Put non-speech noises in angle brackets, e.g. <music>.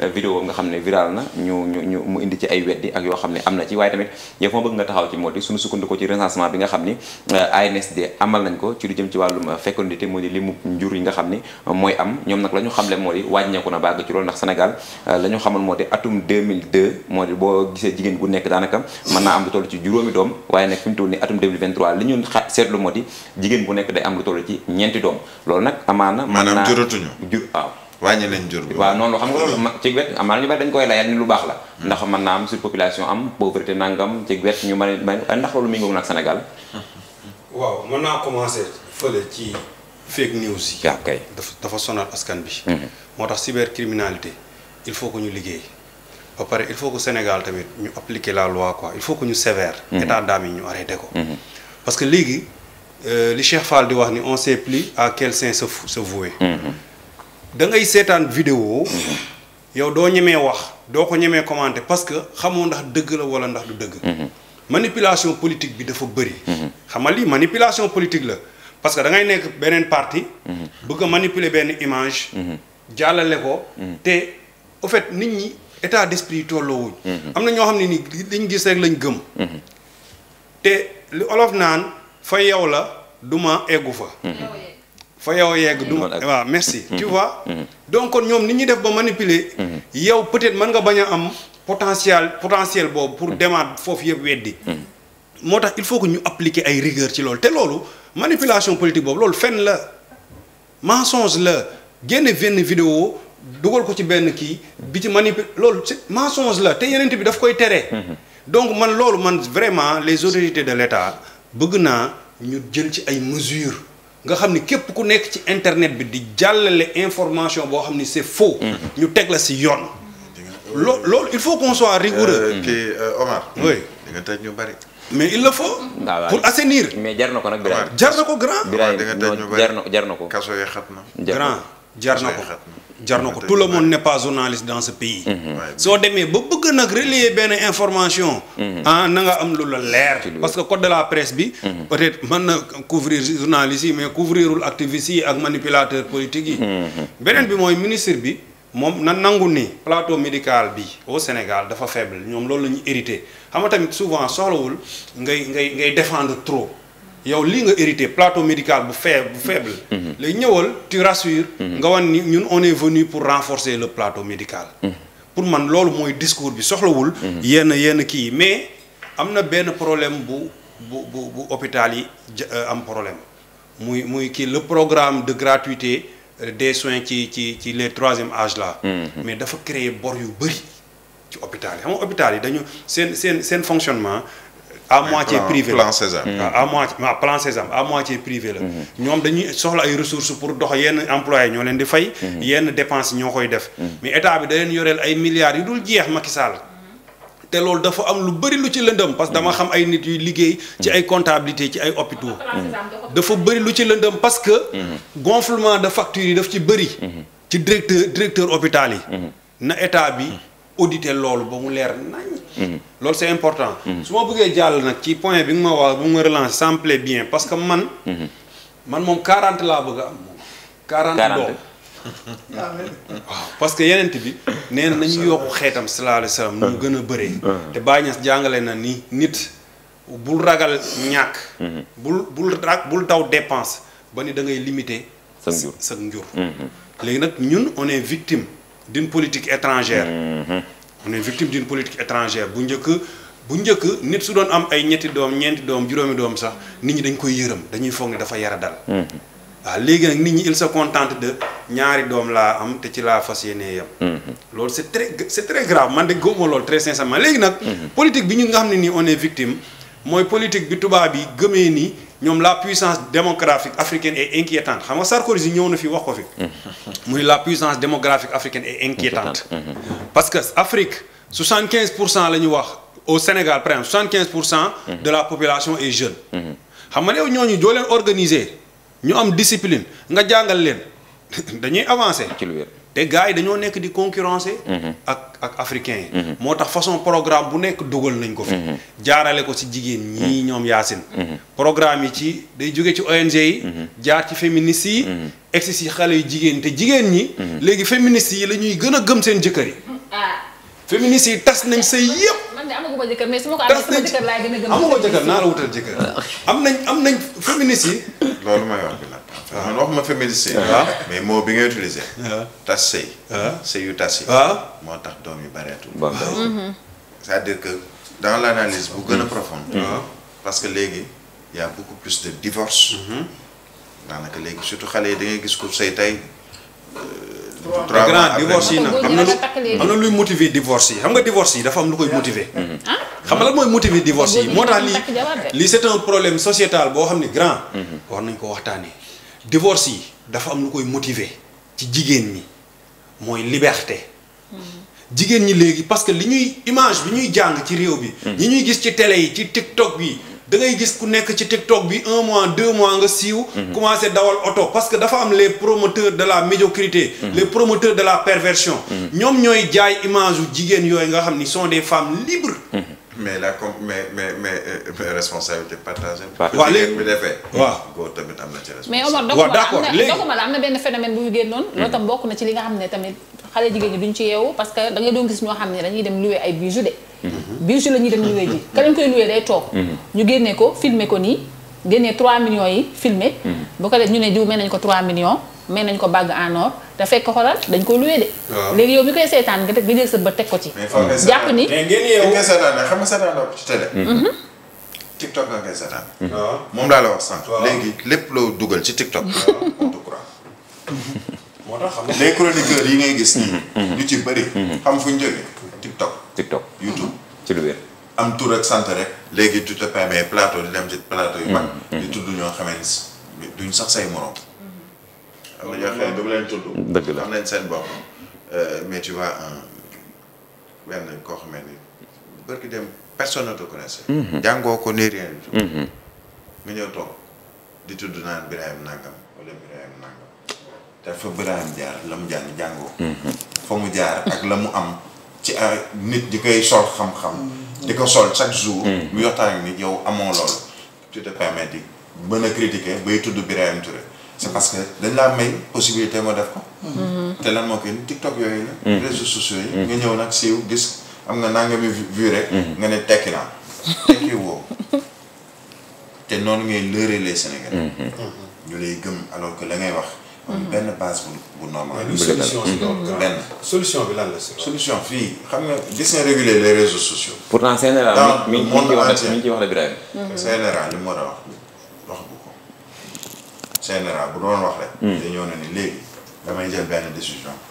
Euh, vidéo nga xam ne viral na ñu ñu ñu mu indi ci ay weddi ak yoo xam ne am na ci waaye tamit yow moo bëgg nga taxaw ci moo di suñu sukkandiku xam ni euh, ANSD amal nañ ko ci lu jëm ci wàllum euh, fécondité moo di limu njur yi nga xam ni mooy am ñoom moo di wàññeeku na bàgg ci loolu ndax Sénégal la ñu xamal moo di atum 2002 moo di boo gisee jigéen gu nekk daanaka mën naa am mu toll ni atum 2023 li ñu xa seetlu moo di jigéen bu amaana maanaam juratuñu jur waaw wàññi leen jur bi waaw noonu xam nga loolu ci wet amaana ñu dañ koy layal lu baax la hmm. ndax mën naa am surpopulation am pauvreté nangam ci wet ñu a ndax loolu mi ngi nag Sénégal waaw man naa commencé fële ci fake news yi kay dafa dafa sonal askan bi hmm. moo tax cybercriminalité il faut que ñu liggéey ba pare il faut que Sénégal tamit ñu appliquer la loi quoi il faut que ñu sévère hmm. état d'âme yi ñu arrêté ko parce que léegi euh, li Cheikh Fall di wax ni on sait à quel saint se se vouer da ngay seetaan vidéo yow doo ñemee wax doo ko ñemee commenter parce que xamoo ndax dëgg la wala ndax du dëgg. Mhm. manipulation politique bi dafa bëri. Mhm. xam nga lii manipulation politique la parce que da nekk beneen parti. Mhm. bëgg a manipuler benn image. jàllale ko. te au fait nit ñi état d'esprit tolloowuñ. am na ñoo xam ne ni liñ gis rek lañ gëm. te li olof naan fa yow la duma eggu fa. fa yow yegg du waaw merci mm-hmm. tu vois mm-hmm. donc kon ñoom ni ñuy def ba manipuler mm-hmm. yow peut-être mën nga bañ a am potentiel potentiel boobu pour demaat foofu yëpp weddi moo tax il faut que ñu appliquer ay rigueur ci loolu te loolu manipulation politique boobu loolu fenn la mensonge la génne benn vidéo dugal ko ci benn kii bi ci manipule loolu mensonge la te yeneen bi daf koy tere donc man loolu man vraiment les autorités de l'État bëgg naa ñu jël ci ay mesures nga xam ni képp ku nekk ci internet bi di jàllale information boo xam ni c'est faux. Mm. ñu teg la si yoon. loo loolu il faut qu'on soit rigoureux. Euh, kii euh, Omar. oui di nga ñu bari. mais il le faut. pour assainir. mais jar na ko nag. Birame jar na ko grand. Birame jar na ko jar na ko. kaso yi xat na. grand. jar na ko jar na ko tout le monde n'est pas journaliste dans ce pays. Mm-hmm. soo demee ba bëgg nag relayer benn information. Mm-hmm. ah na nga am lu la leer. parce que code de la presse bi. Mm-hmm. peut-être mën na couvrir journaliste yi mais couvrirul activiste yi ak manipulateur politique yi. beneen bi mooy ministre bi moom na nangu ni plateau médical bi au Sénégal dafa faible ñoom loolu la ñu hérité xam nga tamit souvent soxlawul ngay ngay ngay défendre trop. yow lii nga hérité plateau médical bu faible bu faible. Mhm. lay ñëwal tu rassures. Mhm. nga wan ni ñun on est venu pour renforcer le plateau médical. Mhm. pour man loolu mooy discours bi soxlawul. yenn yenn kii mais am na benn problème bu bu bu bu hôpital yi euh, am problème muy muy kii le programme de gratuité euh, des soins ci ci ci les troisième âge là. mais dafa créer bor yu bëri ci hôpital yi xam nga hôpital yi dañu seen seen seen fonctionnement. Mm. à moitié privé plan Sésame à moitié plan Sésame à moitié privé la mm-hmm. ñoom dañuy soxla ay ressources pour dox yenn employés ñoo leen di fay mm-hmm. yenn dépense ñoo koy def mm-hmm. mais état bi daleen leen yoreel ay milliards yu dul jeex Macky Sall te loolu dafa am lu bëri lu ci lëndëm parce que dama xam ay nit yuy liggéey ci ay comptabilité ci ay hôpitaux dafa bëri lu ci lëndëm parce que gonflement de factures yi daf ci bëri ci directeur directeur hôpital yi na état bi auditer loolu ba mu leer nañ Mhm. lool c'est important. Mhm. su ma bëggee jàll nag ci point bi nga ma wax bu ma relancer ça me bien parce que man. Mhm. man moom 40 laa bëgg am moom. 40 doom <laughs> parce que yeneen bi nee na nañu yokk xeetam sallallahu alayhi wasallam nu gën a bëree. Ah. te Baye Niass jàngale na ni nit bul ragal ñàkk. bul bul daw dépense ba ni da ngay limiter. sa njur léegi nag ñun on est victime d'une politique étrangère. on est victime d'une politique étrangère bu njëkk bu njëkk nit su doon am ay ñetti doom ñeenti doom juróomi doom sax nit ñi dañ koy yërëm dañuy foog ne dafa yara dal mhm. waaw léegi nag nit ñi il sa contente de ñaari doom laa am te ci laa fas yéenee yam mhm. loolu c'est tre c'est très grave man de lool góoma loolu très sincèrement léegi nag mhm. politique bi ñu nga xam ne nii on est victime mooy politique bi tubaab yi gëmee nii ñoom la puissance démographique africaine est inquiétante xam nga Sarkozy ñëw na fi wax ko fi. <laughs> mu ne la puissance démographique africaine est inquiétante. Mhm. parce que Afrique 75 pour cent la ñu wax au Sénégal par exemple 75 pour cent. Mhm. de la population est jeune. Mhm. xam nga ne ñooñu doo leen organiser ñu am discipline nga jàngal leen <laughs> dañuy avancer. te gars yi dañoo nekk di concurrencer. ak. africain yi mhm. moo tax façon programme bu nekk dugal nañ ko fi mhm. jaarale ko ci jigéen ñii mhm. ñoom yaasin programme yi ci day jóge ci ONG yi jaar ci féministes yi egsi yi xale yu jigéen te jigéen ñi léegi féministes yi lañuy ñuy gën a gëm seen jëkkër yi ah. féministes yi tas nañ sëy yëpp tas nañ amu ko jëkkër naa la wutal jëkkër <laughs> am nañ am nañ féministes yi loolu may man waxuma féminicide. mais mot bi nga utilisé. tas sëy. sëy yu tas yi. moo tax doom yi bareetul. c'est-à-dire que dans l'analyse bu gën a mm-hmm. profonde. Mm-hmm. Ah. parce que léegi y a beaucoup plus de divorce. Mm-hmm. daanaka léegi surtout xale yi da gis ko sëy tey. Euh, trois grand divorce yi nag am na lu am na luy motiver divorce yi xam nga divorce yi dafa am lu koy motiver. Ah? xam nga lan mooy motiver divorce yi moo tax lii lii c'est un problème sociétal boo xam ne grand. war nañ ko waxtaanee. divorce yi dafa am lu koy motiver ci jigéen ñi mooy liberté. Mm-hmm. jigéen ñi léegi parce que li ñuy image bi ñuy jàng ci réew bi mm-hmm. ñi ñuy gis ci télé yi ci TikTok bi da ngay gis ku nekk ci TikTok bi un mois deux mois nga siiw mm-hmm. commencé dawal oto parce que dafa am les promoteurs de la médiocrité les promoteur de la perversion ñoom ñooy jaay image yu jigéen yooyu nga xam ni sont des femmes libres mais la com mais mais mais euh, responsabilité partagée. waaw léegi bi defee. waaw góor tamit am na ci responsabilité. waaw d'accord léegi mais Omar la am na benn phénomène bu ñu génnoon. Hmm. loolu tam bokk na ci li nga xam ne tamit xale jigéen ñi duñ ci yeewu parce que da ngay doon gis ñoo xam ne dañuy dem louer ay bijoux de. Hmm. bijoux la ñuy dem louer ji. ka leen koy louer day toog. Hmm. ñu génne ko filmer ko nii. génnee 3 millions yi filme hmm. bu ko def ñu ne jiw may nañ ko 3 millions may nañ ko bàgg en or te fekk xoolal dañ ko loué de. léegi yow mi koy seetaan nga teg nga jël sa bët teg ko ci. jàpp ni mais ngeen yeewu ngeen seetaan xam nga seetaan na ko ci télé. Hmm. Mhm. TikTok nga koy seetaan. Hmm. moom laa la wax sànq. léegi lépp loo dugal ci TikTok. on te croit. <laughs> moo tax xam nga les chroniqueurs yi ngay gis. ñu ci bëri. xam fu ñu jógee TikTok. am tur ak sant rek léegi tu te permets plateau di dem ci plateau yu mag mm, mm, di mm. tudd ñoo xamee ni duñ sax say morom mm-hmm. am na ñoo xam ne leen tudd dëgg la am seen bopp euh, mais tu vois un koo xamee ni bërki dem personne ne te mm-hmm. jàngoo ko ni rien du tout mm-hmm. ñëw toog di tudd naan Birahim nangam wala Birahim nangam te fa Birahim jaar la mu jàng jàngoo fa mu jaar ak la mu am ci nit di koy sol xam-xam. Mm. di ko sol chaque jour. Mm. mu waxtaan ak nit yow amoo loolu. tu te permets di mën a critiquer bay tudd Birahim Touré. c'est mm. parce que dañ laa may possibilité moo def ko. Mm-hmm. te lan moo koy TikTok yooyu la. réseaux sociaux yi. nga ñëw nag siiw gis am nga nangami vu rek. nga ne tekki naa tekki woo. <laughs> te noonu ngay lëre les Sénégalais. Mm-hmm. ñu lay gëm alors que la ngay wax. Mhm. benn base bu bu normal. solution si mhm. benn solution bi lan la solution fii xam nga gis nga réguler les réseaux sociaux. pour CNRA mi mi ngi wax mi la Birahim. CNRA mu war a wax wax bu ko CNRA bu doon wax rek. Hmm. dañoo ne ni léegi damay jël benn décision.